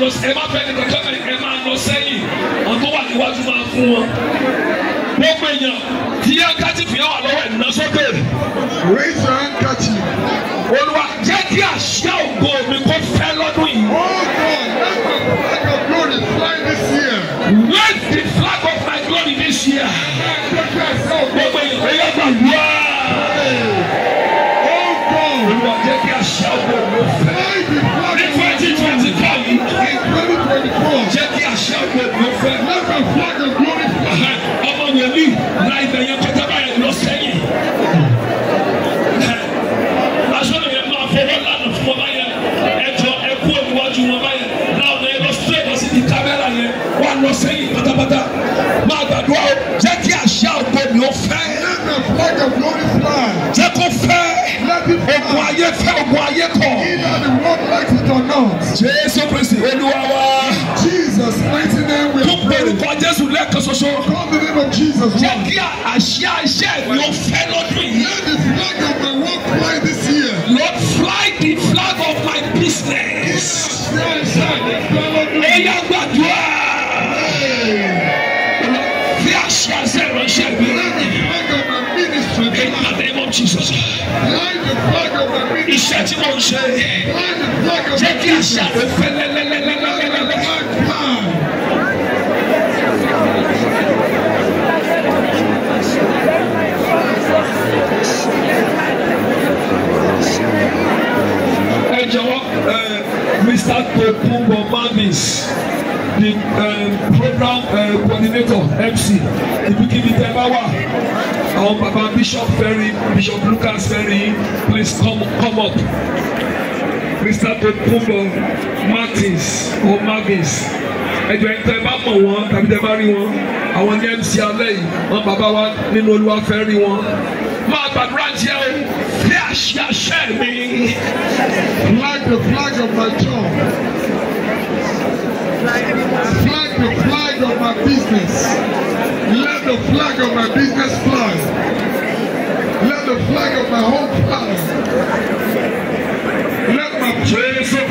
lọ ẹ má fẹ́ nìkan tó ẹ máa lọ sẹ́yìn àwọn wà níwájú máa fún wọn. gbogbo èèyàn tí yá kátìfì yà wà lọ́wọ́ ẹ̀ ná sókè. raise your hand olúwa jẹ́ kí àṣà ògo mi kó fẹ́ lọ́dún yìí. oh God let the flag of glory fly this year. let the flag of my glory this year. gbogbo èèyàn ẹ yá gbàgbọ́. lọ sẹ́yìn pátápátá máa gbàdúrà o jẹ́ kí àṣà ògbó mi ó fẹ́. jẹ́ kó fẹ́ ogun ayé fẹ́ ogun ayé kọ̀. Jésù Kristi Olúwa wa. Gbogbo orúkọ Jésù lẹ́ẹ̀kan ṣoṣo. Jẹ́ kí àṣà iṣẹ́ mi ó fẹ́ lọ́dún yìí. Iṣẹ́ tí mo ń ṣe jẹ́ kí àṣà rẹ̀ fẹ́ lẹ́lẹ́lẹ́lẹ́lẹ́lẹ́lẹ́. ẹ jọ̀wọ́ Mr. Tokunbo Mamis the uh, program uh, coordinator MC ibikíbi tẹ́ bá wà àwọn bàbá Bishop Ferry Bishop Lucas Ferry please come come up Mr. Tokumbo Martins or Margins ẹjọ ẹ tẹ́ bá mọ̀ wọ́n tàbí tẹ́ bá rí wọn àwọn ní MC alẹ́ yìí wọn bàbá wa nínú Olúwa fẹ́ rí wọn máa gbàdúrà jẹ́ o bí àṣẹ àṣẹ mi. Flag the flag of my job. Flag the flag of my business. Let the flag of my business fly. Let the flag of my home fly. Let my praise of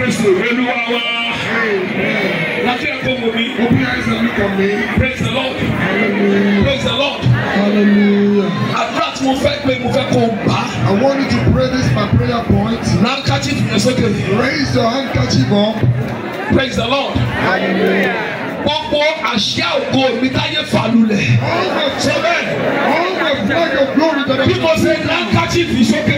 Open your eyes and look at me. Praise the Lord. Hallelujah. Praise the Lord. Hallelujah. I want you to pray this my prayer point. Nankachif yẹn sókè. Raise your handkerchief up. Praise the Lord. Hallelujah. wọ́n pọ́ àṣẹ ògo mi táyé fàlùlẹ̀. bí mo ṣe dá kájí fi sókè.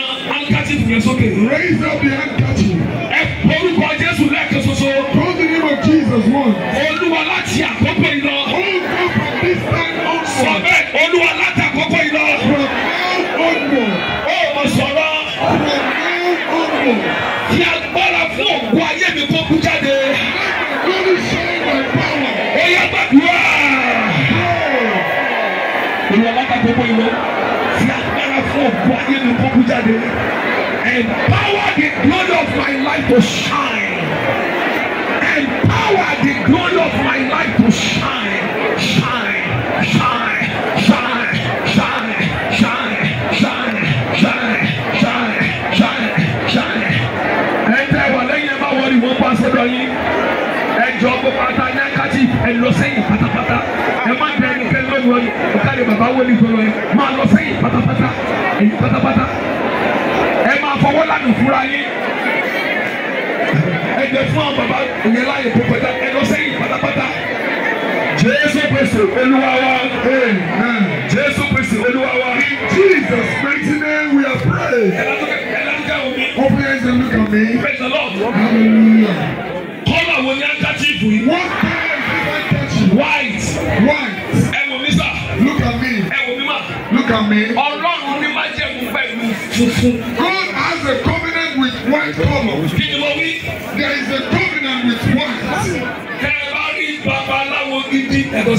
yẹn sókè. raise up the hand that you. ẹ porúkọ Jésù lẹ́ẹ̀kan ṣoṣo. call the name of Jesus one. olúwa láti àkọ́kọ́ yìí lọ. all come from this time onward. sọ bẹ́ẹ̀ olúwa láti àkọ́kọ́ yìí lọ. from now onward. ó mọ̀ sọ̀rọ̀. from now onward. kí agbára fún òkú ayé mi kó kú jáde. glory shine my power. ó yá gbàdúrà. olúwa láti àkọ́kọ́ yìí lọ. kí agbára fún òkú ayé mi kó kú jáde. Empower the glory of my life to shine. Empower the glory of my life to shine. Shine, shine, shine, shine, shine, shine, shine, shine, shine, shine. Ẹ tẹ́ wà lẹ́yìn ẹ má wọlé wọ́n bá And yín. pata jọ and pátá pata pata. ẹ lọ sẹ́yìn pátápátá. Ẹ má dẹ́rù kẹ́lẹ́ lọ́wọ́ yìí. Ọ̀kadì bàbá Man ìfọwọ́ pata pata. lọ pata. pátápátá dànù fúnra yín ẹ̀jẹ̀ fún àwọn bàbá yẹn láàyè pọpẹta ẹ̀lọ sẹ́yìn pátápátá. Jésù Kristi Olúwa wa. Amen. Jésù Christ, Olúwa wa. In Jesus mighty name we are praying. Ẹ̀la tó kẹ́ omi. Open eyes and look at me. Praise the Lord. Hallelujah. Kọ́lá wo ni handkerchief yìí? What kind White. White. Ẹ wò mí Look at me. Look at me white color. Kí There is a covenant with white. Kẹ́ ẹ bá rí babaláwo gidi ẹ̀kọ́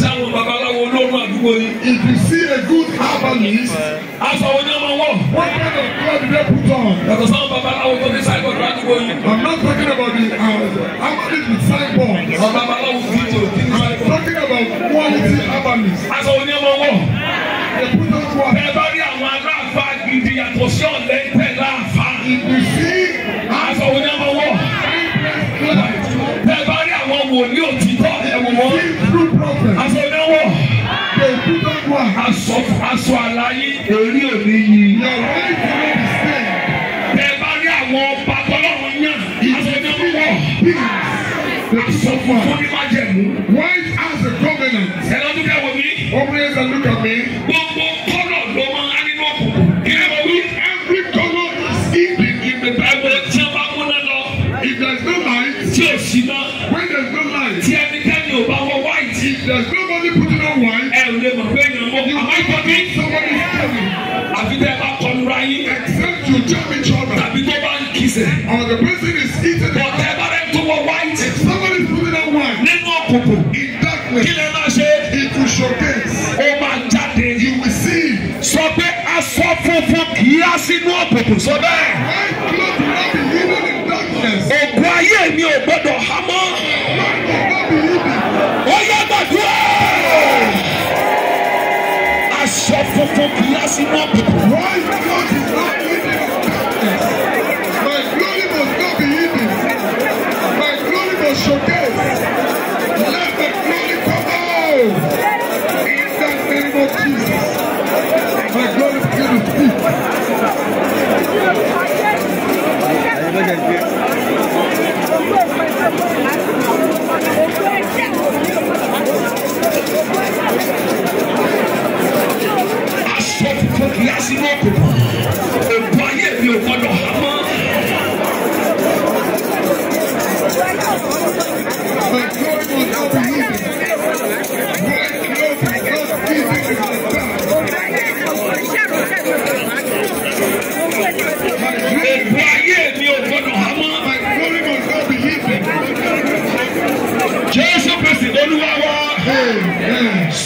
If you see a good herbalist. Aṣọ wo ni ọmọ wọ̀? What kind of cloth dey put on? Ẹ̀kọ́ sáwọn babaláwo tó ní I'm not talking about the uh, herbalist with sideboard. I'm talking about quality herbalist. Aṣọ wo ni ọmọ wọ̀? Ẹ bá rí àwọn aláàfáà gidi yàtọ̀ sí ọ̀lẹ́tẹ̀. èso àlàyé. Èrí òní yìí. Your right hand is there. Bẹ́ẹ̀ bá rí àwọn ọba tọ́lọ́run náà. Ìjọba wọ̀. Bí a sọ fún ọ. Fún ní májẹ̀mú. Wọ́n. poison. And the person is eaten by whatever into a white. Somebody is putting out wine. Nínú òkùnkùn. In darkness. Kí lè máa ṣe? It will showcase. Ó máa jáde. You will see. Sọ pé aṣọ funfun kì í á sínú òkùnkùn sọ bẹ́ẹ̀. White cloth will not be hidden in darkness. Ògùn ayé mi ò gbọ́dọ̀ há mọ́. White will not be hidden. Ó yẹ gbàdúrà. Aṣọ funfun kì í á sínú òkùnkùn. White cloth is not. eso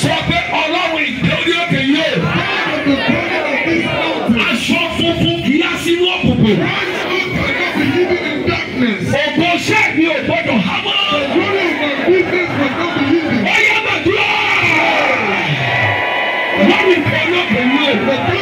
Sọ pé ọlọ́run ìgbé orí òkè yóò. Aṣọ funfun kì í yá sínú òkùnkùn. Ògùn ṣẹ́ mi ò gbọ́dọ̀ há mọ́. Ó yá gbàdúrà. Lọ́rùn ìgbé orí òkè yóò.